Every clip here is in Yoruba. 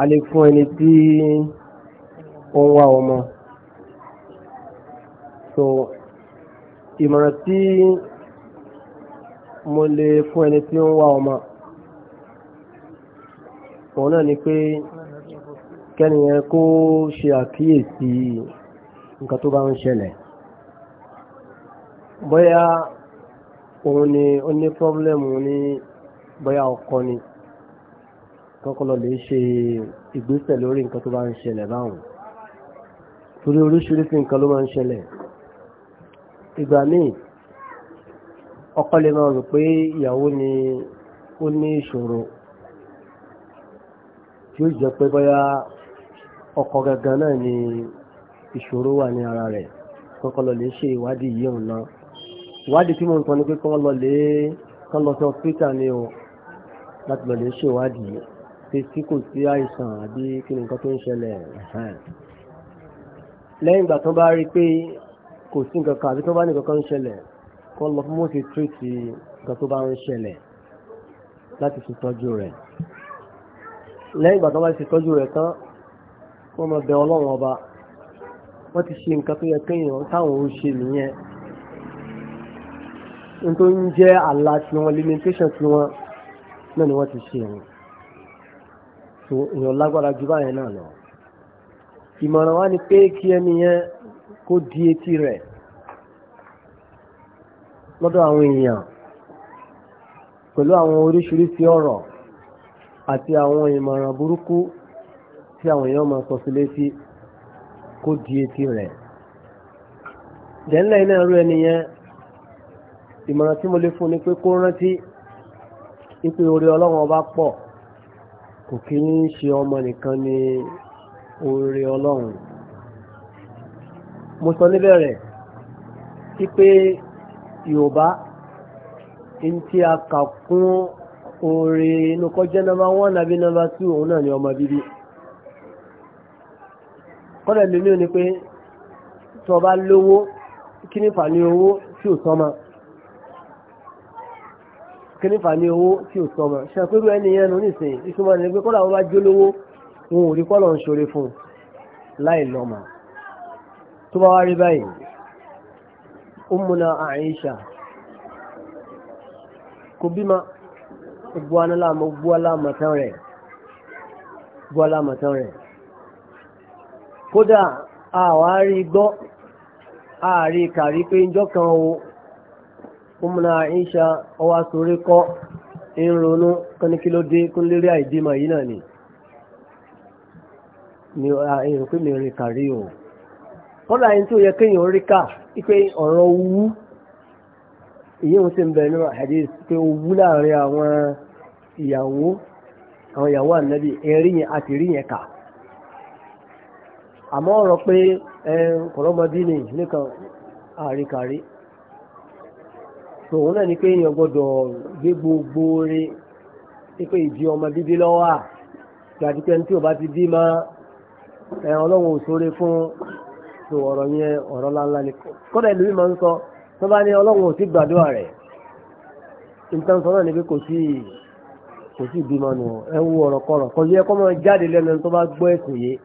a lè fún ẹni tí ó ń wá ọmọ so ìmọ̀ràn tí mo lè fún ẹni tí ó ń wá ọmọ òun náà ni pé kẹ́niyàn kó ṣe àkíyèsí nǹkan tó bá ń ṣẹlẹ̀ bóyá òun ni ó ní pọ́blẹ́mù ní bóyá ọkọ ni. Boya, kọ́kọ́lọ́ lè ṣe ìgbésẹ̀ lórí nǹkan tó bá ń ṣẹlẹ̀ báwọn torí oríṣiríṣi nǹkan ló máa ń ṣẹlẹ̀ ìgbà míì ọkọ lè máa rò pé ìyàwó ni ó ní ìṣòro tí ó jẹ́ pé bóyá ọkọ gangan náà ni ìṣòro wà ní ara rẹ̀ kọ́kọ́ lọ lè ṣe ìwádìí yìí òun ìwádìí tí mo ń sọ ni pé kọ́ lè kọ́ lọ sọ pítà ni o láti lọ lè ṣe ìwádìí yìí ṣe sí kò sí àìsàn àbí kí ni nǹkan tó ń ṣẹlẹ̀ lẹ́yìn ìgbà tó bá rí pé kò sí nǹkan kan àbí tó bá ní nǹkan kan ń ṣẹlẹ̀ kọ́ lọ fún mọ́sí tírìtì nǹkan tó bá ń ṣẹlẹ̀ láti fi tọ́jú rẹ̀ lẹ́yìn ìgbà tó bá ti tọ́jú rẹ̀ tán wọ́n máa bẹ ọlọ́run ọba wọ́n ti ṣe nǹkan tó yẹ kéèyàn táwọn ò ṣe nìyẹn nítorí ń jẹ́ àlá tiwọn limitation tiwọn náà ni wọ́n ti ṣe wọn so èèyàn lágbára ju báyẹn náà lọ ìmọ̀ràn wa ni pé kí ẹni yẹn kó di etí rẹ̀ lọ́dọ̀ àwọn èèyàn pẹ̀lú àwọn oríṣiríṣi ọ̀rọ̀ àti àwọn ìmọ̀ràn burúkú tí àwọn èèyàn máa sọ sí létí kó di etí rẹ̀ dẹ́nlẹ̀ iná rú ẹni yẹn ìmọ̀ràn tí mo lè fún ni pé kó rántí ipò orí ọlọ́run ọba pọ̀ kò kí ń ṣe ọmọ nìkan ní oore ọlọ́run mo sọ níbẹ̀rẹ̀ sí pé yorùbá ń tí a kà kún oore inú kọjá nọmba one àbí nọmba two òun náà ni ọmọ bíbí kọ́lẹ̀ lómi ò pé tí ọba lówó kí ní fà ní owó tí ò sọ́mọ́ kínífà ní owó tí ò sọmọ ṣàpérú ẹni yẹn nu nísìnyí ìtumọ̀ ní pé kọ́lá wọn bá jólówó wọn ò rí kọ́lọ̀ ń ṣoore fún un láì lọ́mọ tó bá wá rí báyìí Ummuna Aisha kò bímọ gbọ́ aláàmọ́ gbọ́ aláàmọ́tán rẹ̀ gbọ́ aláàmọ́tán rẹ̀ kódà àwárí gbọ́ àárí kàrí pé ìjọ kan o. ọmọnà àìṣà ọwọ́ àtòrí kọ́ ń ronú kọ́nikílódé kúnlérí àìdímọ̀ yìí náà ni ni èrò pé mi kàrí o kọ́dà yìí tó yẹ kíyàn rí ká pé ọ̀rọ̀ owú èyí ń sì ń bẹ̀rẹ̀ nínú hadith pé owú láàrin àwọn ìyàwó àwọn ìyàwó ànábì ẹ̀rí yẹn àti rí yẹn kà àmọ́ ọ̀rọ̀ pé ẹ̀ nìkan so òun náà ni pé èèyàn gbọ́dọ̀ gbé gbogbo oore pípé ìdí ọmọ bíbí lọ́wọ́ à pé ní tí o bá ti bí máa ẹ̀rọ ọlọ́run ò sóre fún so ọ̀rọ̀ yẹn ọ̀rọ̀ láńlá ni kódà ìlú yìí máa ń sọ tó bá ní ọlọ́run ò sí gbàdúrà rẹ̀ nǹkan sọ náà ni pé kò sí kò sí ìbímọ nù ẹ wú ọ̀rọ̀ kọ̀rọ̀ kò yẹ kó máa jáde lẹ́nu tó bá gbọ́ ẹ̀sùn yìí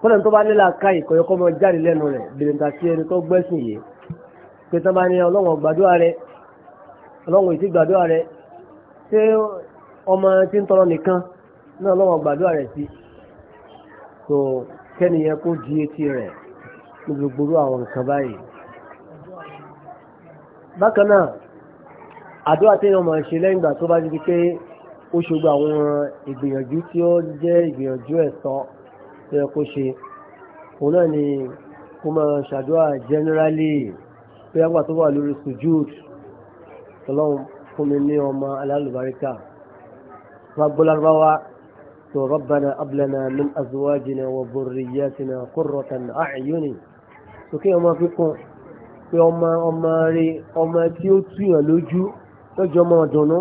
kódà tó bá nílà káyì kò yẹ kó máa jáde lẹ́nu rẹ̀ bìrìntà sí ẹni tó gbẹ́sùn yìí pé tán bá ní ọlọ́wọ̀n gbàdúrà rẹ ọlọ́wọ̀n ìtì gbàdúrà rẹ ṣé ọmọ tí ń tọrọ nìkan náà ọlọ́wọ̀n gbàdúrà rẹ sí tó kẹ́niyẹn kó di etí rẹ̀ ní gbogbo àwọn nǹkan báyìí bákan náà àdúrà tí wọ́n máa ṣe lẹ́yìn ìgbà tó bá di pé ó ṣogbo àwọn ìgbìyànjú tí ó jẹ́ ìgbìyànjú ẹ̀tọ́ tó yẹ kó ṣe òun náà ni kó máa ṣàdúrà generally pé àgbà tó wà lórí sujud ọlọ́run fún mi ní ọmọ alálùbáríkà wọn gbọ́ lárúbáwá tó rabbana ablana min azwajina wa burriyatina qurratan a'yuni sókè ọmọ fífún pé ọmọ ọmọ rẹ ọmọ tí ó túyàn lójú lọ́jọ́ ọmọ ọ̀dùnnú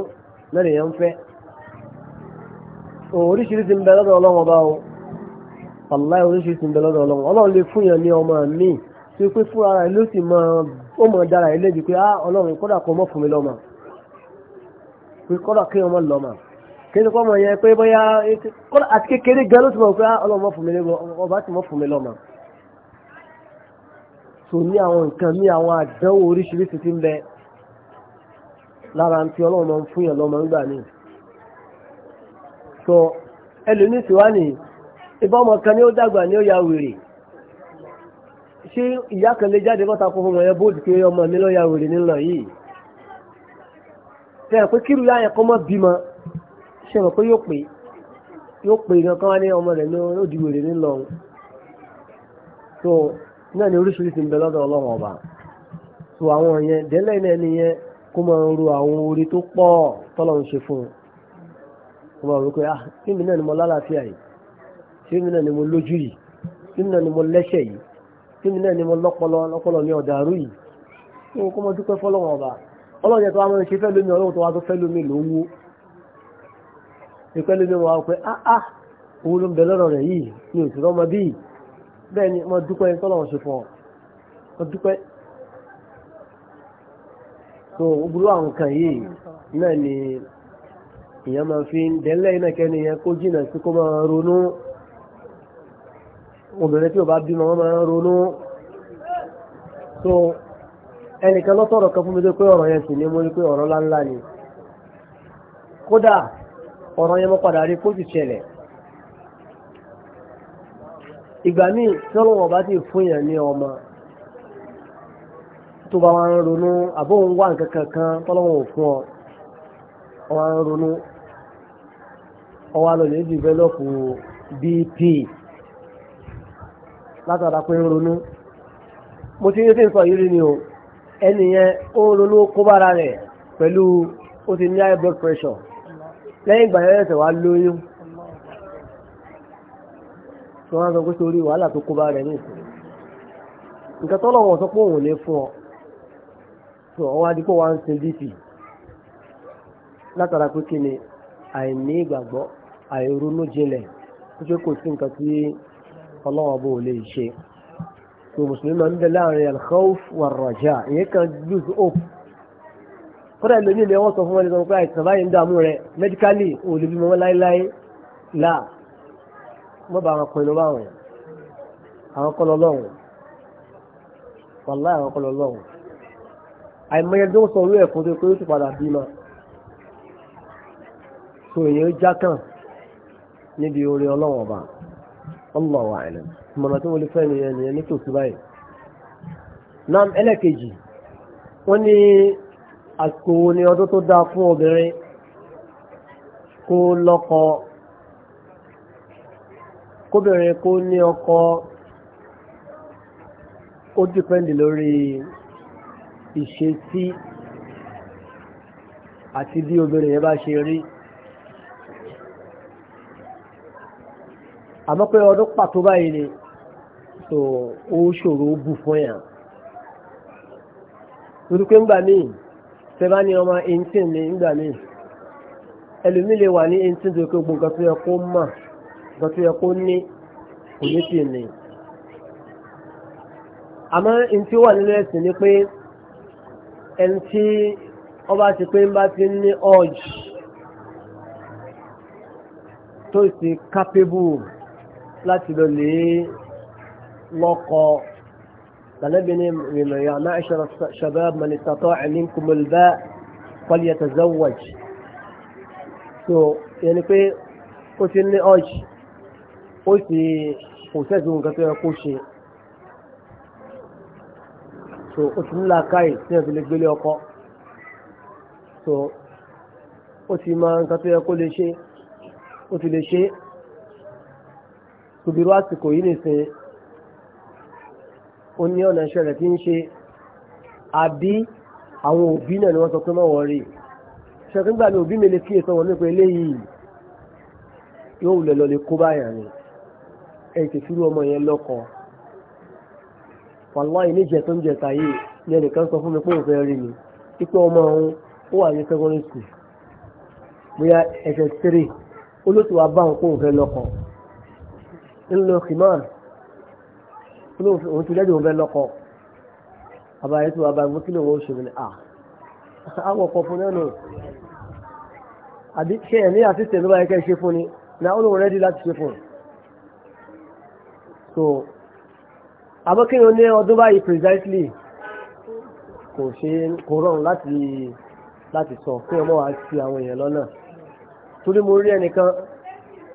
lẹ́rìn yẹn ń fẹ́ oríṣiríṣi ń bẹ lọ́dọ̀ ọlọ́run ọba o wàláì oríṣiríṣi ń bẹ lọ́dọ̀ ọlọ́run ọlọ́run lè fún yàn ní ọmọ mi tí ó pé fúnra rẹ̀ ló sì máa ó mọ̀ dára ilé jù pé á ah, ọlọ́run kọ́dà kọ́ mọ́ fún mi lọ́mọ pé kọ́dà kí ọmọ lọ́mọ kí ni kọ́ mọ̀ yẹn pé bóyá kọ́dà àti kékeré gan ló ti mọ̀ pé á ah, ọlọ́run mọ́ fún mi lọ́mọ ọba ti mọ́ fún mi lọ́mọ. tò ní àwọn nǹkan ní àwọn àdánwò oríṣiríṣi ti ń bẹ lára ti ọlọ́run máa fún yàn lọ́mọ nígbà míì. sọ ẹlòmíì wá nìyí ìbọn ọmọ kan ni ó dàgbà ni ó ya wèrè ṣé ìyá kan lè jáde bọ́ta fún ọmọ yẹn bóòdù pé ọmọ mi lọ́ọ́ ya wèrè nílọ yìí fẹ́ràn pé kírù láyẹn kọ́ mọ́ bímọ ṣe mọ̀ pé yóò pè yóò pè gan kan wá ní ọmọ rẹ̀ ní òdì wèrè nílọ so náà ni oríṣiríṣi ń bẹ lọ́dọ̀ ọlọ́run ọba so àwọn yẹn délẹ̀ náà ni yẹn kó máa ń ro àwọn orí tó pọ̀ tọ́lọ́run ṣe fún un kó máa rò pé ah kí mi náà ni mo lálàáfíà yìí kí mi náà ni kíni náà ni mo lọ́pọlọ lọ́pọlọ ní ọ̀dà àrú yìí kí wọ́n kó mọ́ dúpẹ́ fọ́lọ́wọ́n ọba ọlọ́run yẹn tó wá mọ́ ṣe fẹ́ lómi ọlọ́run ni mo dúpẹ́ yẹn tọ́lọ́run ṣe fún ọ mo dúpẹ́ tó gbúrú àwọn kan yìí náà ni ìyẹn máa fi ń dẹ́lẹ́ iná jìnà sí kó máa ronú obìnrin tí ò bá bímọ wọn máa ń ronú so ẹnìkan lọ sọ̀rọ̀ kan fún mi pé ọ̀rọ̀ yẹn sì ni mo rí pé ọ̀rọ̀ ńláńlá ni kódà ọ̀rọ̀ yẹn mo padà rí kó sì ṣẹlẹ̀ ìgbà míì tí ọlọ́wọ́n bá ti fún yẹn ní ọmọ tó bá wọn ronú àbó ń wá nǹkan kankan tọ́lọ́wọ́n ò fún ọ wọn ronú ọwọ́ àlọ́ lè bp látara pé ń ronú mo ti ń sí nǹkan yìí rí ni o ẹni yẹn high blood pressure lẹ́yìn ìgbà yẹn ẹ̀sẹ̀ wá lóyún tí wọ́n á sọ pé sórí wàhálà tó kó rẹ̀ nǹkan sọ pé òun lè fún ọ tó ọ wá di pé wọ́n sin dp látara pé kí ni àìní ìgbàgbọ́ àìronú jinlẹ̀ tó ṣe kò sí nǹkan tí ọlọ́wọ́n bó lè ṣe tó mùsùlùmí máa ń bẹ láàrin alkhawf wà rọjà ìyẹn kan lose hope kódà ìlòmí ilé wọn sọ fún ẹni sọ pé àìsàn báyìí ń dààmú rẹ mẹdíkálì ò lè bímọ láéláé là mọ́ bá àwọn kan inú báwọn àwọn kan lọ́lọ́run wàlá àwọn kan lọ́lọ́run àìmọye tó ń sọ orí ẹ̀kọ́ tó pé ó ti padà bímọ tó èèyàn já níbi oore ọlọ́wọ̀n ọba. Allahu a'lam mọ̀nà tí wọ́n lè fẹ́ nìyẹn nìyẹn nítòsí báyìí. nam ẹlẹ́kejì wọ́n ní àsìkò wo ni ọdún tó dáa fún obìnrin kó lọ́kọ kóbìnrin kó ní ọkọ ó dìpẹ́ndì lórí ìṣesí àti bí obìnrin yẹn bá ṣe rí. àmọ́ pé ọdún pàtó báyìí ni tó ó ṣòro bù fún yàn torí pé ńgbà míì tẹ́bá ní ọmọ eighteen ní ńgbà míì ẹlòmíì lè wà ní eighteen tó kó gbogbo nǹkan tó yẹ kó mọ̀ nǹkan tó yẹ kó ní kò ní tì ní. àmọ́ n tí ó wà nínú ẹ̀sìn ni pé ẹni tí ọba ti pé ń bá ti ní urge tó sì capable láti lọ lè lọ́kọ tàlẹ́bí ní ìrìnàyà náà ṣe ṣàbẹ́ mẹ́lẹ́tàtọ́ ẹ̀mí kùmọ̀lẹ́bá pọ́lìyàtà zawaj so yẹni pé ó ti ní ọj ó sì kò sẹ́sùn nǹkan tó yẹ kó ṣe so ó ti ní làákàyè tí wọ́n fi lè gbélé ọkọ so ó ti máa nǹkan tó yẹ kó lè ṣe ó ti lè ṣe tòbírú àsìkò yìí nìsín ó ní ọ̀nà iṣẹ́ rẹ̀ tí ń ṣe àbí àwọn òbí náà ni wọ́n sọ pé mọ́ wọ́n rí ṣẹ́kíngbà ni òbí mi lè kíyè sọ wọn nípa eléyìí yóò wulẹ̀ lọ lè kó báyà ni ẹ ti fi ọmọ yẹn lọ́kọ̀ọ́ wàláì níjẹ tó ń jẹ tàyè ní ẹnìkan sọ fún mi pé òun fẹ́ rí mi pípẹ́ ọmọ òun ó wà ní secondary school bóyá ẹsẹ̀ three olóṣù wa bá òun pé òun fẹ́ lọ́kọ̀ọ́ ńlọ kìmọ́ọ̀n òun ti lẹ́dùn bẹ́ẹ̀ lọ́kọ̀ bàbá yẹn tó bàbá mú kí lòun ó ṣe mìíràn ah àwọn ọkọ̀ fún nẹ́nu àbí ṣe ẹ̀ ní àtìsẹ̀ ló bá yẹ kẹ́ ṣe fún ni na ó lóun rẹ́dí láti ṣe fún so àmọ́ kí ni ó ní ọdún báyìí precisely kò ṣe kò rọrùn láti láti sọ kí ọmọ wa ti àwọn èèyàn lọ́nà torí mo rí ẹnìkan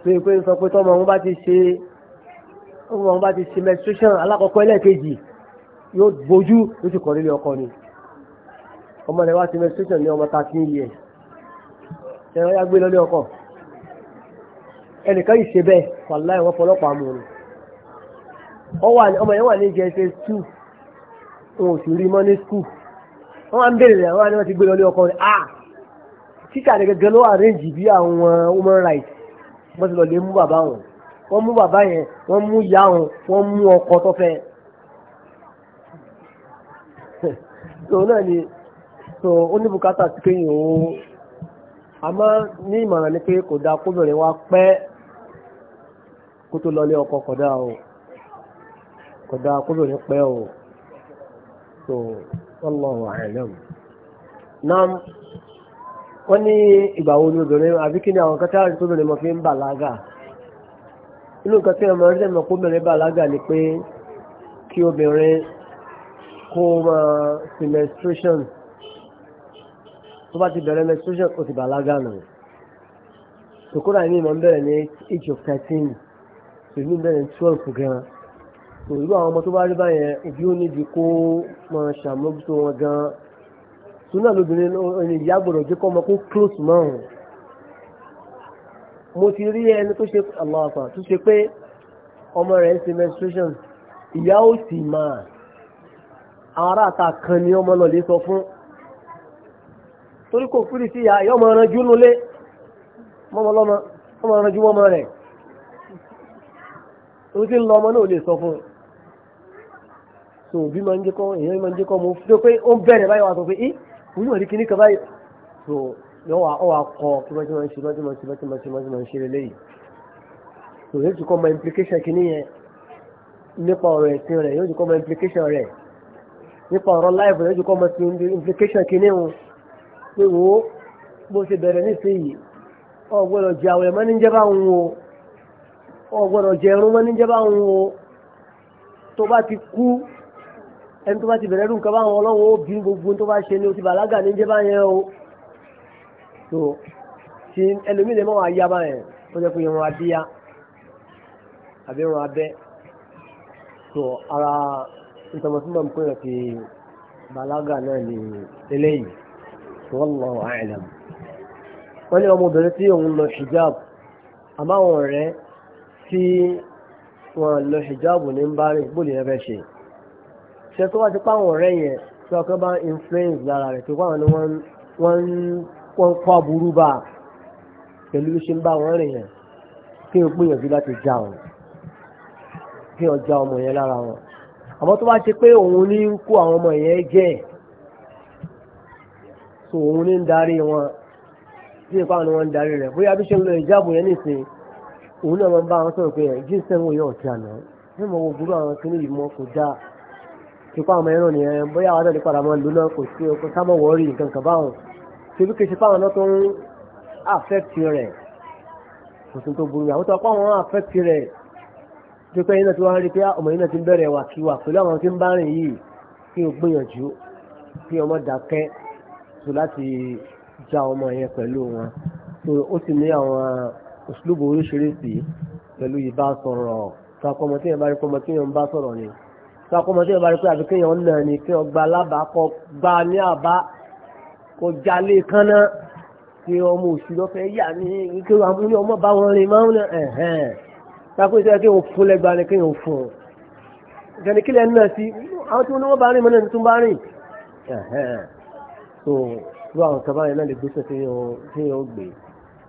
pé pé sọ pé tọ́mọ òun bá ti ṣe wọn bá ti ṣe menstruation alákọ̀ọ́kọ́ ẹlẹ́ẹ̀kejì yóò bójú ló ti kọ̀ nílé ọkọ ni ọmọ rẹ̀ wá ti menstruation ní ọmọ thirteen years ẹ̀rọ yá gbé lọ́lé ọkọ ẹnìkan yìí ṣe bẹ́ẹ̀ wàláì wọ́n fọlọ́pàá mú un ọmọ yẹn wà ní jẹ́sẹ̀ two wọn ò sì rí mọ́ ní school wọ́n máa ń bèrè rẹ̀ wọ́n á ti gbé lọ́lé ọkọ rẹ̀ ah títà rẹ̀ gẹ́gẹ́ ló arrange bí àwọn human rights wọ́n ti lọ lè mú bàbá wọn wọ́n mú bàbá yẹn wọ́n mú ìyá wọn wọ́n mú ọkọ tó fẹ́ so náà ni so ó ní bùkátà sí kéyìn o àmọ́ ní ìmọ̀ràn ni pé kò dáa kóbìnrin wa pẹ́ kó tó lọlé ọkọ kò o kò dáa kóbìnrin pẹ́ o so wallahu a'lam nam, wọ́n ní ìgbà wo ni obìnrin àbí kí ni àwọn kẹta àti tóbìnrin mọ̀ fi ń bàlágà inú nǹkan tí ọmọ rẹ̀ mọ̀ kó bẹ̀rẹ̀ bàlágà ni pé kí obìnrin kó máa sí menstruation tó bá ti bẹ̀rẹ̀ menstruation kò sì bàlágà nù tòkúrò àìní ìmọ̀ ń bẹ̀rẹ̀ ní age of thirteen tòmí bẹ̀rẹ̀ twelve gan tò irú àwọn ọmọ tó bá rí báyẹn òbí ó níbi kó máa ṣàmójútó wọn gan tó náà lóbìnrin ìyá gbọ́dọ̀ jẹ́ kọ́ ọmọ kó close mọ́ ọ̀hún mo ti rí ẹni tó ṣe Allah àpà tó ṣe pé ọmọ rẹ̀ ń ṣe menstruation ìyá ó sì máa àwọn ará àta kan ni ọmọ lọ lè sọ fún torí kò fúri sí ìyá ìyá ọmọ ẹranjú nulé mọ́mọlọ́mọ ọmọ ẹranjú mọ́mọ rẹ̀ torí tí ń lọ ọmọ náà lè sọ fún so òbí máa ń jẹ́ kọ́ èèyàn máa ń jẹ́ kọ́ mo fi pé ó ń bẹ̀rẹ̀ báyìí wà sọ pé ẹ́ òun náà rí kíní kan báyìí so lọ́wọ́ ọwọ́ akọ kí wọ́n ti máa ń ṣe wọ́n máa ń ṣe wọ́n máa ń ṣe wọ́n ti yóò ti kọ́ mọ implication kìíní yẹn nípa ọ̀rọ̀ ẹ̀sìn rẹ̀ yóò ti kọ́ mọ implication rẹ̀ nípa ọ̀rọ̀ life yóò ti kọ́ mọ implication kìíní wọn pé wo bó ṣe bẹ̀rẹ̀ nísìnyí o gbọ́dọ̀ jẹ àwọn ẹ̀mọ́ ní jẹ́bá ń wo o gbọ́dọ̀ jẹ irun mọ́ ní jẹ́bá ń wo tó bá ti kú ẹni tó bá ti bẹ̀rẹ̀ rú nǹkan báwọn ọlọ́wọ́ bí gbogbo tó bá ṣe ni ó ti bàlágà ní jẹ́bá yẹn o so tí ẹlòmíì lè mọ́ wá yá báyẹn ó jẹ́ pé irun abíyá àbí irun abẹ́ so ara ìtọ̀mọ̀tìmọ̀ nǹkan rẹ̀ ti bàlágà náà ni eléyìí wallahu a'lam wọ́n ní ọmọbìnrin tí òun lọ hijab àmọ́ àwọn ọ̀rẹ́ tí wọ́n lọ hijab ní ń bá rìn bóòlù yẹn fẹ́ ṣe ṣe tó wá ti pa àwọn ọ̀rẹ́ yẹn tí ọkọ bá influence lára rẹ̀ tó pa àwọn ni wọ́n ń kọ́ aburú bá pẹ̀lú ṣe ń bá wọn rìn yẹn kí o gbìyànjú láti já wọn kí o já ọmọ yẹn lára wọn àmọ́ tó bá ṣe pé òun ní ń kó àwọn ọmọ yẹn jẹ́ so òun ní ń darí wọn tí ìpá ni wọ́n ń darí rẹ̀ bóyá bí ṣe ń lo ìjáàbù yẹn nìsín òun náà máa ń bá wọn sọ̀rọ̀ pé jíǹsẹ̀ wọn yóò ti àná ní mo wo gbúrú àwọn kìnnì yìí mọ́ kò dáa ìpá àwọn ọmọ yẹn náà nìyẹn bóyá àwọn àdàlẹ́ padà máa lò náà kò sí ọkọ̀ sábà wọ́ọ́rì nǹkan kan tèmi kìí ṣe fáwọn náà tó ń àfẹ́tì rẹ̀ kò sí tó burú àwọn tó apá wọn àfẹ́tì rẹ̀ tó pé iná tí wọ́n rí pé ah, ọmọ iná ti ń bẹ̀rẹ̀ wà kí wà pẹ̀lú àwọn tí ń bá rìn yìí kí o gbìyànjú kí ọmọ dákẹ́ tó láti já ọmọ yẹn pẹ̀lú wọn tó ó sì ní àwọn òṣèlúbù oríṣiríṣi pẹ̀lú ìbá sọ̀rọ̀ sàkọmọ tí yẹn bá rí pé ọmọ tí yẹn bá sọ̀rọ̀ ni sàkọmọ tí yẹn bá rí pé àbíkéyàn náà ni kí wọ́n kọjá lé kánná pé ọmọ òsì lọ́fẹ́ yà ní ike àmú ní ọmọ bá wọn rìn máa ń nà ẹ̀hẹ́n tako ìṣe kí wọn fún lẹ́gbàá ni kí wọn fún un ìṣẹ̀ni kílẹ̀ náà sí àwọn tí wọn ní wọn bá rìn mọ́nà tuntun bá rìn ẹ̀hẹ́n so lọ àwọn kan báyìí náà lè gbèsè tí yóò gbé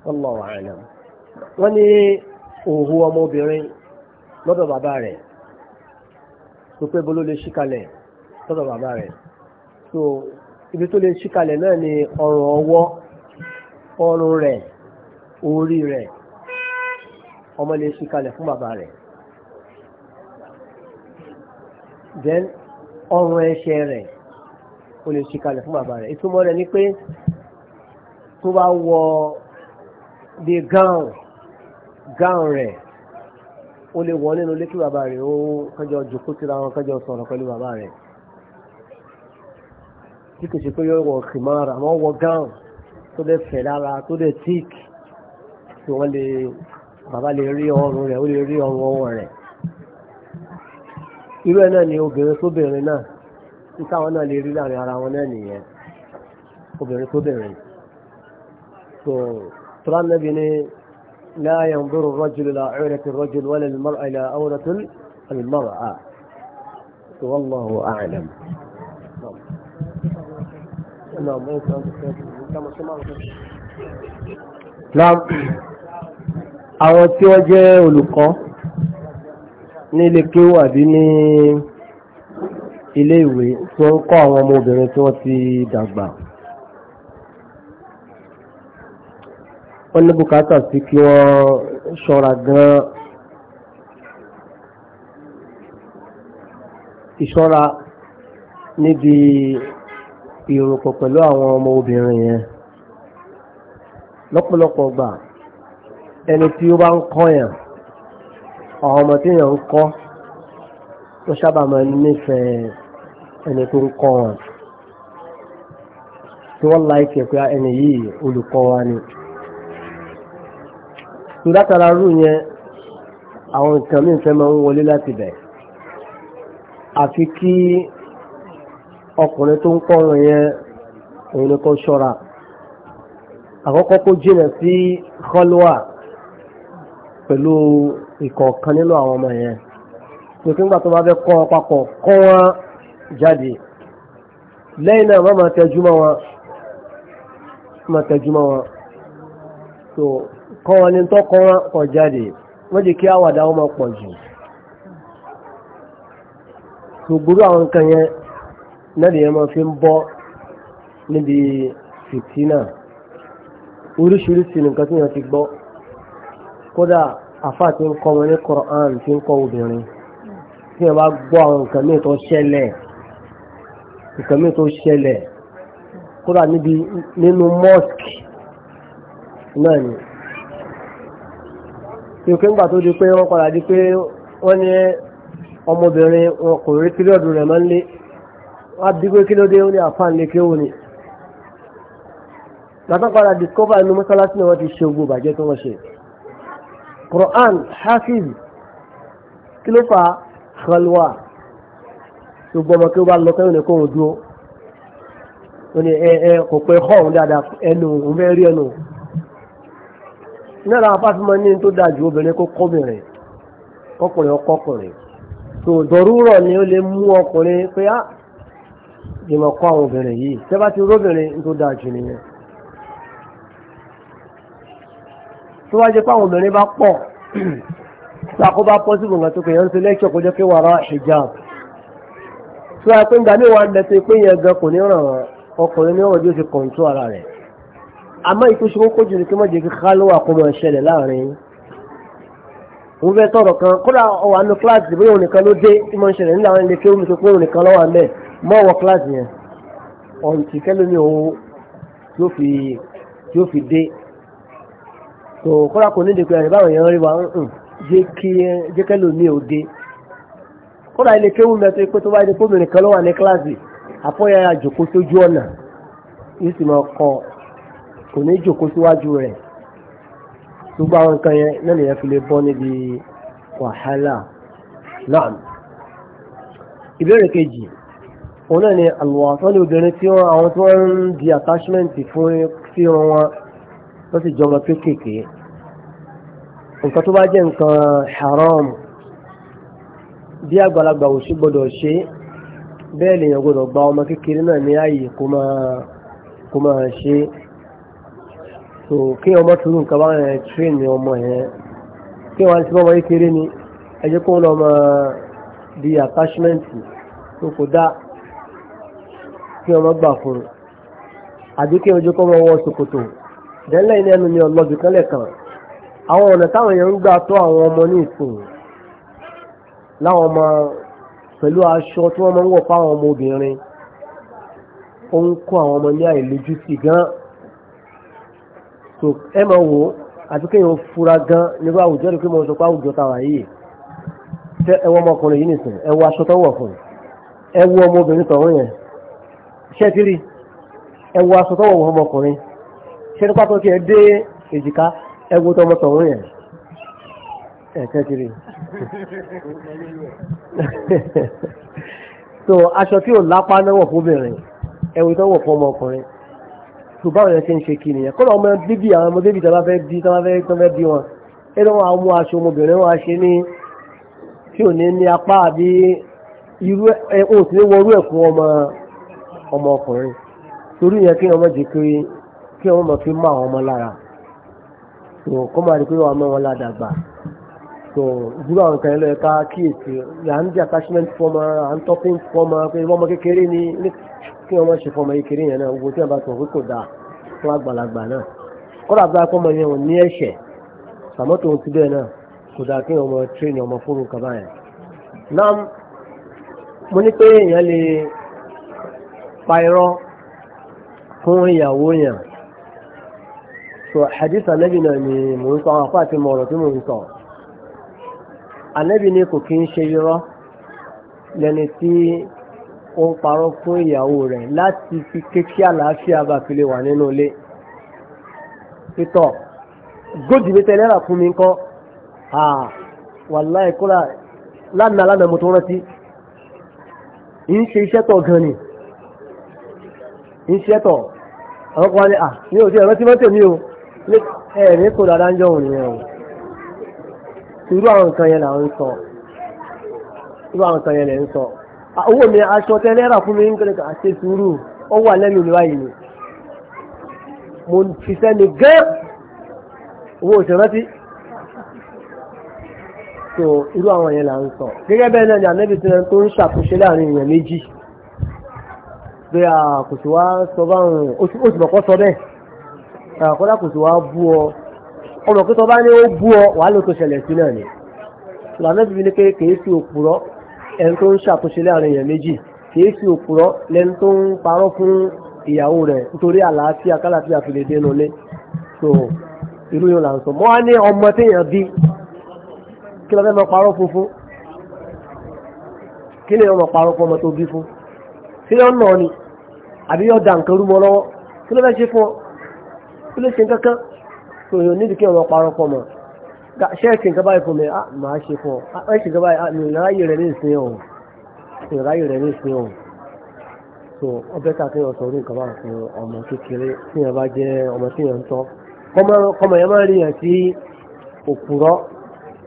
wallahu a'lam wọ́n ní òhu ọmọbìnrin lọ́dọ̀ bàbá rẹ̀ tó pé bolo lè ṣíkalẹ̀ lọ́dọ̀ bàbá rẹ̀ so ibi tó lè ṣíkalẹ̀ náà ni ọrùn ọwọ́ ọrùn rẹ̀ orí rẹ̀ ọmọ lè ṣíkalẹ̀ fún bàbá rẹ̀ then ọrùn ẹsẹ̀ rẹ̀ ó lè ṣíkalẹ̀ fún bàbá rẹ̀ ìtumọ̀ rẹ̀ ni pé tó bá wọ bí gáùn gáùn rẹ̀ ó lè wọ nínú ilé kí bàbá rẹ̀ ó kọjọ jòkó tira wọn kọjọ sọ̀rọ̀ pẹ̀lú bàbá rẹ̀ tí kò ṣe pé yọ wọ kìmọ́ra àmọ́ wọ gáùn tó lè fẹ̀ lára tó lè tíìkì tí wọ́n lè bàbá lè rí ọrùn rẹ̀ ó lè rí ọrùn ọwọ́ rẹ̀ irú ẹ̀ náà ni obìnrin sóbìnrin náà tí táwọn náà lè rí láàrin ara wọn náà nìyẹn obìnrin sóbìnrin tó tọ́lá nàbí ni la yanzuru ar-rajulu ila awrati ar-rajuli wala al-mar'atu ila awrati al-mar'a wallahu a'lam àwọn tí wọ́n jẹ́ olùkọ́ ní ilé kéwú àbí ní ilé ìwé tí wọ́n ń kọ́ àwọn ọmọ obìnrin tí wọ́n ti dàgbà wọ́n ní bùkátà sí kí wọ́n ṣọ́ra gan ìṣọ́ra níbi ìrùkọ̀ pẹ̀lú àwọn ọmọ obìnrin yẹn lọ́pọ̀lọpọ̀ gbà ẹni tí ó bá ń kọ́ yẹn àwọn ọmọ tí yẹn ń kọ́ tó sábà máa ń nífẹ̀ẹ́ ẹni tó ń kọ́ wọn tí wọ́n láì kẹ̀ pé ẹni yìí olùkọ́ wa ni tó rú yẹn àwọn nǹkan mìíràn fẹ́ máa ń wọlé láti bẹ̀ àfi kí ọkùnrin tó ń kọrùn yẹn òun ni kò ṣọ́ra àkọ́kọ́ kó jìnà sí kọlùwà pẹ̀lú ìkọ̀ọ̀kan nínú àwọn ọmọ yẹn pèkín gbà tó bá fẹ́ kọ́ papọ̀ kọ́ wọn jáde lẹ́yìn náà wọ́n máa tẹjú mọ́ wọn máa tẹjú mọ́ wọn tó kọ́ wọn ní tó kọ́ wọn kọ́ jáde wọ́n jẹ́ kí àwàdà wọn máa pọ̀ jù gbogbo àwọn nǹkan yẹn náà lèyàn máa fi ń bọ́ níbi fìtínà oríṣiríṣi nǹkan tí wọ́n ti gbọ́ kódà àfáà ti ń kọ́ wọn ní Qur'an ti ń kọ́ obìnrin tí wọ́n bá gbọ́ àwọn nǹkan míì tó ṣẹlẹ̀ nǹkan míì tó ṣẹlẹ̀ kódà níbi nínú mosque náà ni tí o kí ń gbà tó di pé wọ́n padà di pé wọ́n ní ọmọbìnrin wọn kò rẹ̀ máa ń lé àbígbé kí ló dé ó ní àfáàn lè kéwò ni látọ́ padà discover inú mọ́sálásí ni wọ́n ti ṣe ogun bàjẹ́ Quran hafiz kí fa khalwa ṣùgbọ́n ọmọ kí ó bá lọ kẹ́yìn nìkan ò dúró ó ní ẹ ẹ kò pé hàn dáadáa ẹnu òun fẹ́ rí ẹnu náírà afáfímọ́ ní tó dáa ju obìnrin kó kọ́bìnrin kọkùnrin ọkọkùnrin tó dọ̀rúrọ̀ ni ó lè mú ọkùnrin pé á ah, ìmọ̀ kọ́ àwọn obìnrin yìí tẹ́ bá ti róbìnrin tó dáa jù nìyẹn tó wá jẹ́ pé àwọn obìnrin bá pọ̀ ṣàkóbá pọ́sibù nǹkan tó kẹ̀ yẹn ń ṣe lẹ́kṣọ̀ kó jẹ́ pé wàrà hijab tó wá pé nígbà míì wà lẹ́sẹ̀ pé yẹn gan kò ní ràn án ọkùnrin ní ọ̀rọ̀ bí ó ṣe kọ̀ǹtó ara rẹ̀ àmọ́ ìtò ṣe kókó jù ní kí wọ́n jẹ́ kí kálówà kó mọ̀ ṣẹlẹ̀ láàrin òun fẹ́ tọ̀rọ̀ kan kódà ọ̀wà nù kíláàsì bóyá òun nìkan ló dé tí mo nílànà ilé kéwù mi tó pé òun nìkan lọ́wọ́ àmẹ́ mọ́ wọ kíláàsì yẹn ọ̀ǹtì kẹ́lómi òun yóò fi yóò fi dé tó kọ́ra kò ní dèkú ẹ̀rẹ̀ báwọn èèyàn rí wa ń jẹ́ kẹ́lómi ò dé kọ́ra ilé kéwù mẹ́tọ́ pé tó bá dé fómìnì kan ló wà ní kíláàsì àfọ́yà àjòkó sójú ọ̀nà yóò sì máa kọ́ kò ní jòkó síwájú rẹ̀ gbogbo àwọn nǹkan yẹn náà lè fi lè bọ́ níbi wàhálà náà ìbéèrè kejì òun ni àlùwàsán ní obìnrin tí wọ́n àwọn tí wọ́n ń di attachment fún fíran wọn wọ́n sì jọmọ kéékèèké nǹkan tó bá jẹ́ nǹkan haram bí àgbàlagbà ò sí gbọ́dọ̀ ṣe bẹ́ẹ̀ lèèyàn gbọ́dọ̀ gba ọmọ kékeré náà ní ààyè kó máa ṣe so kí ọmọ tuurú nǹkan bá yẹn train ni ọmọ yẹn kí wọ́n á ti fọwọ́ kékeré ni ẹ jẹ́ kó ń lọ máa di attachment tó kò dáa kí ọmọ gbà fún un àbí kí ojú kọ́ mọ wọ ṣòkòtò dẹ́lẹ̀ ní ẹnu ni ọlọ́bì kan lẹ́kan àwọn ọ̀nà táwọn èèyàn ń gbà tọ́ àwọn ọmọ ní ìsìn láwọn ọmọ pẹ̀lú aṣọ tí wọ́n máa ń wọ̀ fáwọn ọmọ obìnrin ó ń kó àwọn ọmọ ní àìlójútì gan so ẹ máa wò ó àti kéèyàn fura gan nígbà àwùjọ rẹ pé mo sọ pé àwùjọ tàwa yìí ẹ wọ ọmọkùnrin yìí nìsín ẹ wọ aṣọ tó wọ̀ fún ẹ wọ ọmọbìnrin tọ̀hún yẹn ṣẹ́tìrì ẹwọ aṣọ tọwọ wọn ọmọkùnrin ṣe ní pátó kí ẹ dé èjìká ẹwọ tọmọtọmọ yẹn ẹ ṣẹ́tìrì so aṣọ tí ò lápá náà wọ̀ fóbìnrin ẹwọ tọwọ fún ọmọkùnrin tó báwọn yẹn ṣe ń ṣe kí nìyẹn kọ́ ọmọ bíbí àwọn ọmọ bíbí tọ́lá fẹ́ bí tọ́lá fẹ́ tọ́lá bí wọn ẹni wọn àwọn aṣọ ọmọbìnrin wọn ṣe ní tí ò ní ní apá àbí irú ẹ òsì ní wọrú ẹ̀kún ọmọ ọmọ ọkùnrin torí yẹn kí ọmọ jẹ kiri kí ọmọ mọ̀ fi mọ àwọn ọmọ lára tó kọ́ máa di pé wàá mọ wọn ládàgbà tó ìdúró àwọn kan lọ ẹ̀ka kíyèsí là ń di attachment fọmọ à ń tọ́pín pé ọmọ kékeré ni kí ọmọ ṣe fọmọ kékeré yẹn náà gbogbo tí bá pé kò fún àgbàlagbà náà yẹn ní ẹ̀ṣẹ̀ sàmọ́ ti bẹ́ẹ̀ náà kò pa irọ́ fún ìyàwó yàn so hadith anabi náà ni mò ń sọ àwọn apá àti mọ̀rọ̀ tí mò ń sọ anabi ni kò kí ń ṣe irọ́ lẹni tí ó ń parọ́ fún ìyàwó rẹ̀ láti fi kékí àlàáfíà bá fi lè wà nínú ilé títọ́ góòdì mi tẹ́lẹ̀ rà fún mi kọ́ wàláì kúrà lánàá lánàá mo tó rántí ń ṣe iṣẹ́ tọ̀ gan ni ń ṣẹ́tọ̀ àwọn kan wá ní à ní òsì ẹ̀rọ tí wọ́n tèmi o ẹ̀ẹ̀rí kò dáadáa ń jọun nìyẹn o irú àwọn nǹkan yẹn là ń sọ irú àwọn nǹkan yẹn lè ń sọ owó mi aṣọ tẹ fún mi ń kéré kà ṣe sùúrù ó wà lẹ́nu ìlú ayé mo fi sẹ́ni gẹ́ owó so irú àwọn yẹn là ń sọ gẹ́gẹ́ bẹ́ẹ̀ pé kò sí wá sọ báwọn oṣù mọ̀kọ́ sọ bẹ́ẹ̀ kọ́dà kò sí wá bú ọ ọmọ pé tọ́ bá ní ó bú ọ wàá ló tó ṣẹlẹ̀ sí náà ni ìlànà bíbí ni pé kìí sí òpùrọ́ ẹni tó ń ṣàtúnṣe láàrin èèyàn méjì kìí sí òpùrọ́ lẹni tó ń parọ́ fún ìyàwó rẹ̀ nítorí àlàáfíà kálàáfíà fi lè dénú lé so ìlú yóò là ń sọ mọ́ á ní ọmọ téèyàn bí kí lọ́fẹ́ máa parọ́ fún fún kí lè ọmọ parọ́ fún ọmọ tó bí fún sílẹ̀ ọ̀nà ni. àbí yóò da nǹkan rúmọ lọ́wọ́ kí ló fẹ́ ṣe fún ọ kí ló ṣe nǹkan kan tó yàn nídìí kí wọn parọ́ pọ̀ mọ́ ṣẹ́ẹ̀kì nǹkan báyìí fún mi ah, á máa ṣe fún ọ ah, nǹkan báyìí ah, rẹ ní ìsìn rẹ ní ìsìn ọbẹ̀ kí wọn sọ orí nǹkan báyìí fún ọmọ kékeré tí yẹn bá jẹ ọmọ tí yẹn ń tọ́ yẹn máa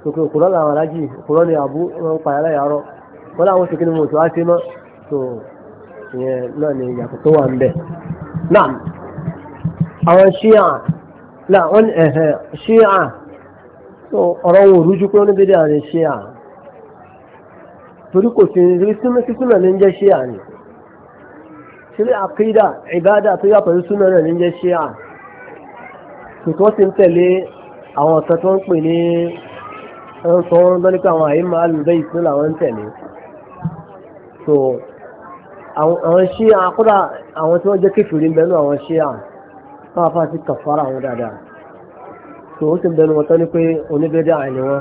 sí làwọn alájì ni àbú wọn ìyẹn náà ni ìyàtọ̀ tó wà ń bẹ̀. náà àwọn ṣíà náà wọ́n ẹ̀hẹ̀ ṣíà tó ọ̀rọ̀ wọn ò rújú pé wọ́n níbi díà ní ṣíà torí kò sí rí súnmọ́ ní jẹ́ ṣíà ni ṣírí àkídà ìbádà tó yàtọ̀ sí súnmọ́ náà ní jẹ́ ṣíà kò tó ti ń tẹ̀lé àwọn kan tó ń pè ní ẹ̀rọ sọ wọn àwọn àyè máa lù bẹ́ẹ̀ ìsúnlẹ̀ àwọn ń tẹ̀lé àwọn ṣíà kódà àwọn tí wọ́n jẹ́ kéfìrí mẹ́nu àwọn ṣíà máa fà sí kàfàrà àwọn dáadáa tó ó sì bẹnu wọn tán ní pé oníbédé àìní wọn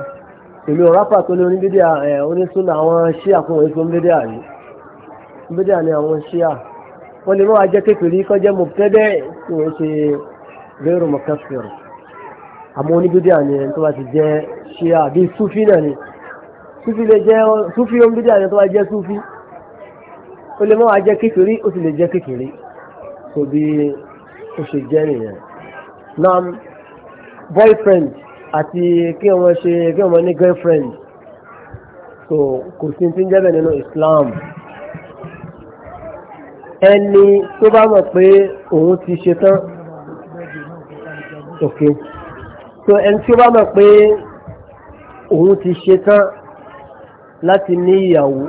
èmi ò rápà tó ní oníbédé ẹ onísúnà àwọn ṣíà fún wọn fún bédé àrí bédé àní àwọn ṣíà wọ́n lè máa jẹ́ kéfìrí kọ́ jẹ́ mọ̀tẹ́dẹ́ tí wọ́n ṣe rẹ́rù mọ̀kẹ́fìrì àmọ́ oníbédé àní ẹni tó bá ti jẹ́ ṣíà bíi súfì náà ni súfì lè jẹ́ súfì oníbédé àní tó bá jẹ́ súfì ó lè mọ́ wa jẹ́ kékeré ó sì lè jẹ́ kékeré kò bí ó ṣe jẹ́ nìyẹn náà boyfriend àti kí wọ́n ṣe kí wọ́n ní girlfriend so kò sí ti ń jẹ́ bẹ́ẹ̀ nínú Islam ẹni tó bá mọ̀ pé òun ti ṣe tán ok so ẹni tó bá mọ̀ pé òun ti ṣe tán láti ní ìyàwó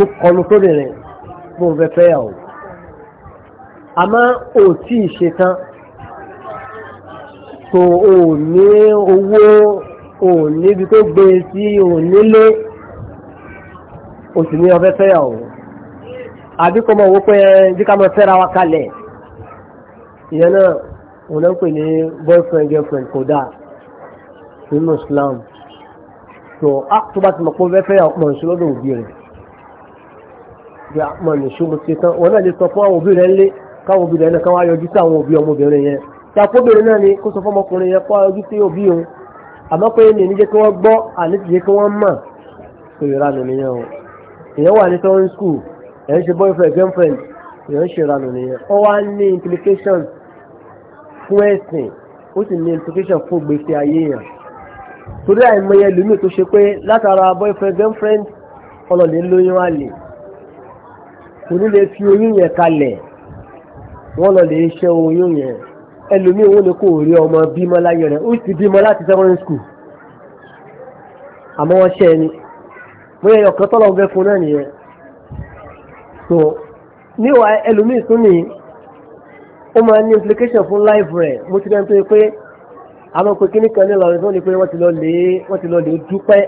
tó kọlu sóbìnrin mo fẹ́ fẹ́ yà o àmọ́ ò tí ì ṣe tán tó o ní owó o níbi tó gbé e sí o nílé o sì ní ọfẹ́ fẹ́ yà o àbí kọ́ mọ̀ wó pé bí ká mọ fẹ́ra wa kalẹ̀ ìyẹn náà òun náà ń pè ní boyfriend girlfriend kódà nínú Islam ah, tó bá ti mọ̀ pé ó fẹ́ fẹ́ yà ọmọ ìṣúlọ́dọ̀ òbí rẹ̀ bí àmọ́ nìṣó mo ṣe tán wọn náà lè sọ fún àwọn òbí rẹ̀ ńlé káwọn òbí rẹ̀ náà káwọn ayọjú sí àwọn òbí ọmọbìnrin yẹn tàkóbìnrin náà ni kó sọ fún ọmọkùnrin yẹn kó ayọjú sí òbí òun àmọ́ pé ní ní jẹ́ kí wọ́n gbọ́ àní ti jẹ́ kí wọ́n mọ̀ pé ìranù nìyẹn o èèyàn wà ní tọ́rún school èèyàn ṣe boyfriend girlfriend èèyàn ṣe ìranù nìyẹn ó wá ní implications fún ẹ̀sìn ó sì ní implications fún gbèsè ayé yẹn torí àìmọye lómi tó ṣe pé látara boyfriend girlfriend ọlọ́lẹ̀ lóyún àlè kò ní lè fi oyún yẹn kalẹ̀ wọ́n lọ lè ṣe oyún yẹn ẹlòmíì wọ́n ní kò rí ọmọ bímọ láyé rẹ̀ ó ti bímọ láti secondary school àmọ́ wọ́n ṣe ẹni bóyá ọ̀kan tọ́lọ̀ fẹ́ fún náà nìyẹn so níwà ẹlòmíì tún ní ó máa ní implication fún life rẹ̀ mo ti dẹ́n tó yẹ pé àwọn pé kíní kan ní ìlọrin tó ní pé wọ́n ti lọ lè wọ́n ti lọ lè dúpẹ́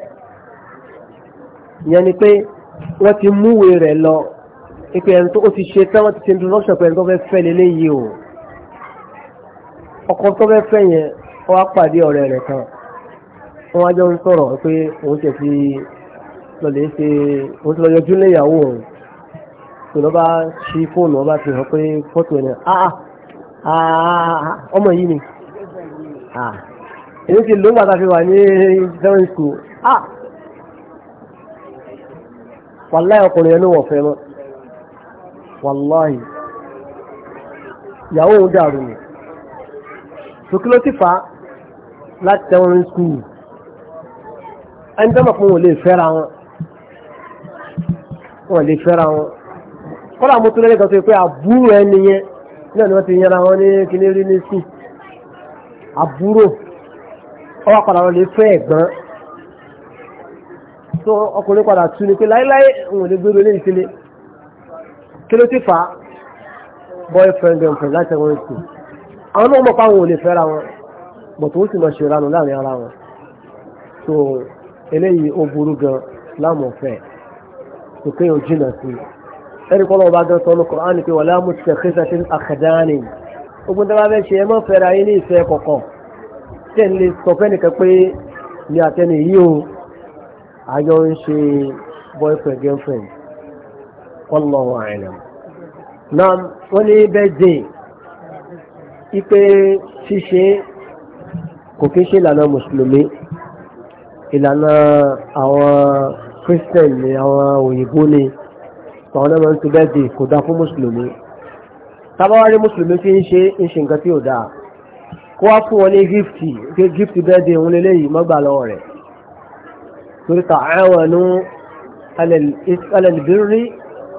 ìyẹn ni pé wọ́n ti múwèé rẹ̀ lọ pé ẹni tó o ti ṣe tán wọ́n ti ṣe introduction pé ẹni tó fẹ́ fẹ́ lélẹ́ o ọkọ tó fẹ́ fẹ́ yẹn wọ́n á pàdé ọ̀rẹ́ rẹ̀ kan wọ́n á jọ ń sọ̀rọ̀ pé òun ṣe fi lọ́lẹ̀ ṣe òun ti lọ yọjú lé ìyàwó òun tó lọ́ bá ṣí fóònù ọba ti hàn pé fọ́tò ẹ̀ ah, ah, ah, ọmọ yìí ni èyí ti lóńgbà tá a fi wà ní seven school wàláyà ọkùnrin ẹni wọ̀ fẹ́ wàláì ìyàwó òun dàrú ni sókè ló ti fà á láti tẹ́wọ́n skul ẹni tó mọ̀ pé wọn ò lè fẹ́ra wọn wọn ò lè fẹ́ra wọn kọ́lá mo tún lẹ́yìn kan sọ pé àbúrò ẹni yẹn náà ni wọ́n ti yẹra wọn ní kíní rí ní skul àbúrò ọwọ́ padà wọn lè fẹ́ ẹ̀gbọ́n tó ọkùnrin padà tún ni pé láéláé wọn ò lè gbèrò eléyìí sílé kí ló ti fà boyfriend girlfriend láti ẹ̀wọ̀n ìsìn àwọn náà mọ̀ pé àwọn ò lè fẹ́ra wọn bọ̀tò ó sì máa ṣe ìranù láàrin ara wọn so eléyìí ó burú gan lámọ̀fẹ́ òkè yóò jìnnà sí i ẹni kọ́ lọ́wọ́ bá dán sọ́nù Kùránì pé wala muttakhidhatil akhdaani ogun tó bá fẹ́ ṣe é mọ́ fẹ́ra yín ní ìfẹ́ kọ̀kọ̀ tẹ̀ ń lè sọ fẹ́ nìkan pé ní àtẹnìyí o àjọ ń ṣe boyfriend girlfriend والله a'lam náà wọ́n ní bẹ́ẹ̀dẹ̀ ipe كوكيشي kò مسلمي. ṣe ìlànà mùsùlùmí ìlànà àwọn christian ni àwọn òyìnbó ni àwọn náà máa ń ti bẹ́ẹ̀dẹ̀ kò dá fún mùsùlùmí tábáwárí mùsùlùmí fi ń ṣe ń ṣe nǹkan tí ò dáa kó wá fún wọn ní gífìtì pé gífìtì bẹ́ẹ̀dẹ̀ òun lélẹ́yìí mọ́gbà lọ́wọ́ rẹ̀ torí ta'awanu alal birri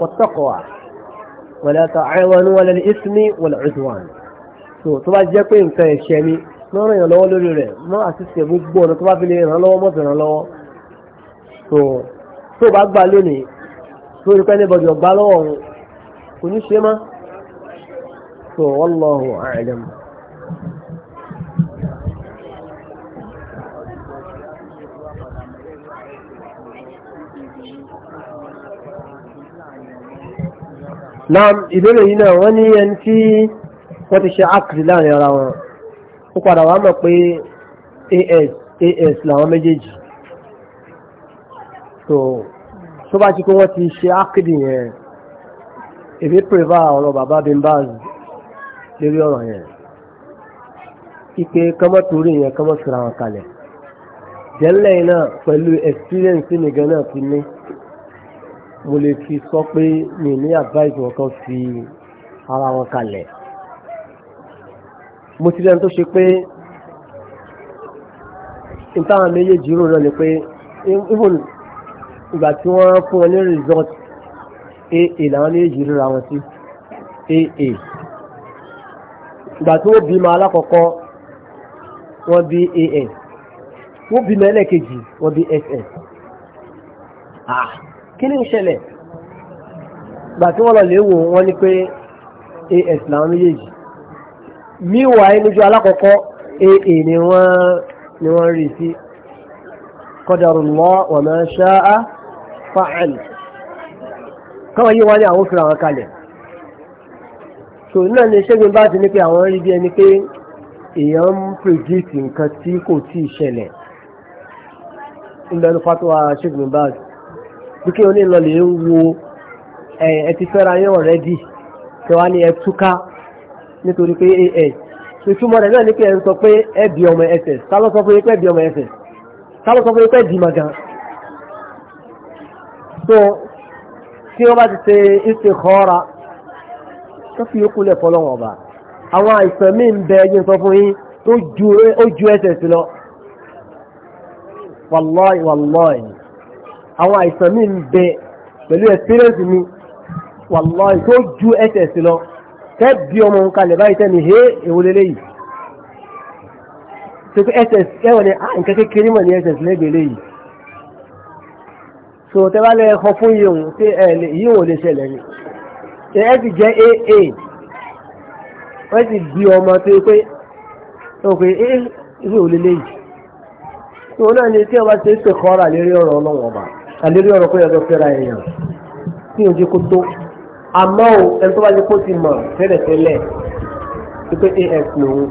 والتقوى ولا تعاونوا على الإثم والعدوان so tó bá jẹ́ pé nǹkan ẹ̀ṣẹ̀ ni lọ́rọ̀ èèyàn lọ́wọ́ lórí rẹ̀ mọ́ àṣìṣe gbogbo ọ̀nà tó bá fi lè ràn lọ́wọ́ mọ́ bẹ̀rẹ̀ lọ́wọ́ so tó bá gbà lónìí tó rí pé níbọ̀dì ọ̀gbá lọ́wọ́ òun kò ní ṣe má so wallahu a'lam náà ìbéèrè yìí náà wọ́n ní ẹni tí wọ́n ti ṣe ákìrì láàrin ara wọn ó padà wá mọ̀ pé as as làwọn méjèèjì so tó bá ti kó wọ́n ti ṣe ákìrì yẹn èmi pèrèvà ọ̀rọ̀ bàbá bimbaz lórí ọ̀rọ̀ yẹn ike kọ́mọ́tòrí yẹn kọ́mọ́tòrí àwọn kalẹ̀ jẹ́lẹ̀ náà pẹ̀lú experience nìkan náà ti ní mo lè fi sọ pé mi ní advice wọn kan fi ara wọn kalẹ̀ mo ti rẹ́ni tó ṣe pé ìtàn méjèèjì rò náà ni pé even ìgbà tí wọ́n fún wọn ní result aa làwọn méjèèjì rírà wọn sí aa ìgbà tí wọ́n bímọ alákọ̀ọ́kọ́ wọ́n bí an wọ́n bímọ ẹlẹ́ẹ̀kejì wọ́n bí ss kí ni ìṣẹ̀lẹ̀ gbà tí wọ́n lọ lè wò wọ́n ní pé as làwọn méjèèjì miwa níjú alákọ̀ọ́kọ́ aa ni wọ́n ni wọ́n rí sí qadarullah wa ma sha'a fa'al káwọn yìí wá ní àwọn òfin àwọn kalẹ̀ so náà ni ṣẹ́gun bá ti ní pé àwọn rí bí ẹni pé èèyàn ń predict nǹkan tí kò tí ì ṣẹlẹ̀ ń fatuwa ṣẹ́gun bá ti dúkè onílọlẹ̀ ń wo ẹ ti fẹ́ra yín ọ̀rẹ́dì tẹwa ni ẹ túká nítorí pé aa ìtumọ̀ rẹ̀ náà ní pé ẹ ń sọ pé ẹ bí ọmọ ẹsẹ̀ sálọ́ sọ fún yín pé bí ọmọ ẹsẹ̀ sálọ́ sọ fún yín pé dì màgàn. so tí wọ́n bá ti ṣe istikhara tó fi yókù lẹ̀ fọlọ́wọ̀n ọba àwọn àìsàn míì ń bẹ ẹyin sọ fún yín tó ju ẹsẹ̀ sí lọ. wàlláhì wàlláhì àwọn àìsàn mi ń bẹ pẹ̀lú experience mi wàláì tó ju ẹsẹ̀ sí lọ tẹ́ bí ọmọ òun kalẹ̀ báyìí tẹ́ ni hé èwo lélẹ́yìí tó pé ẹsẹ̀ ẹwọ̀n ni à ah, nǹkan kékeré mọ̀ ní ẹsẹ̀ lẹ́gbẹ̀ẹ́ lẹ́yìí so tẹ́ bá lẹ́ ẹ̀kọ́ fún yìí òun tí ẹ̀ yìí òun lè ṣẹlẹ̀ ni ẹ ti jẹ́ aa wọ́n ti bí ọmọ tó pé òkè ẹ ìwé òlélẹ́yìí tó náà ni tí wọ́n bá ṣe ṣe kọ́ra lérí ọ̀rọ̀ ọlọ́wọ́n ọba àlérí ọ̀rọ̀ kó yàtọ̀ fẹ́ra èèyàn tí ò jẹ́ kó tó àmọ́ ò ẹni tó bá jẹ́ kó ti mọ̀ tẹ́lẹ̀tẹ́lẹ̀ tó pé as lòun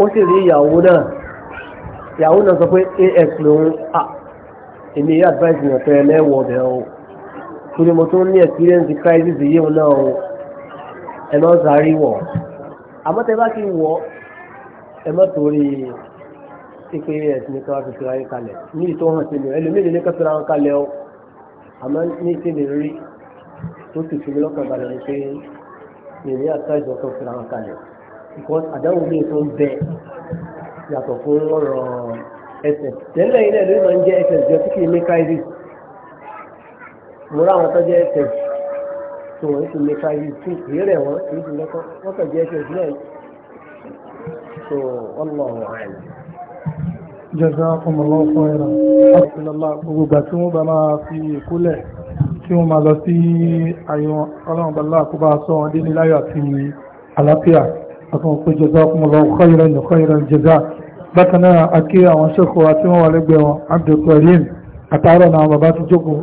ó sì rí ìyàwó náà ìyàwó náà sọ pé as lòun à èmi yóò advice yàn fẹ́ lẹ́wọ̀ ọ̀bẹ̀ o torí mo tún ní experience crisis yìí náà o ẹ má sáré wọ̀ àmọ́ tẹ bá ti wọ̀ ẹ má torí pé ẹ̀sìn nìkan wá fi fira yín kalẹ̀ ní ìtọ́ hàn sí mi ẹlòmíì ní ká wọn kalẹ̀ o àmọ́ ní ìkéde rí tó sì fi mí lọ́kàn balẹ̀ ni pé ìrìn àtà ìjọ tó fira wọn kalẹ̀ because àdáwò mi tó ń bẹ yàtọ̀ fún ọ̀rọ̀ ẹsẹ̀ tẹ́lẹ̀ yìí náà ló máa ń jẹ́ ẹsẹ̀ jẹ́ kíkì ní káyìí mo rá àwọn tó jẹ́ ẹsẹ̀ tó wọ́n ti ní káyìí tí ìrẹ̀ wọn kì í ti lọ́kọ́ wọ́n kàn jẹ́ ẹsẹ̀ sílẹ̀ so wọ́n lọ àwọn àìlè. Jazakumullahu khairan alhamdulillah gbogbo ìgbà tí wọ́n bá máa fi ìkúlẹ̀ tí wọ́n máa lọ sí àyàn ọlọ́run bàlá àkóbá sọ wọn dé ní láyọ̀ àti àlàáfíà àtàwọn pé Jazakumullahu khairan khairan jaza bákan náà a kí àwọn ṣẹ́kọ̀ọ́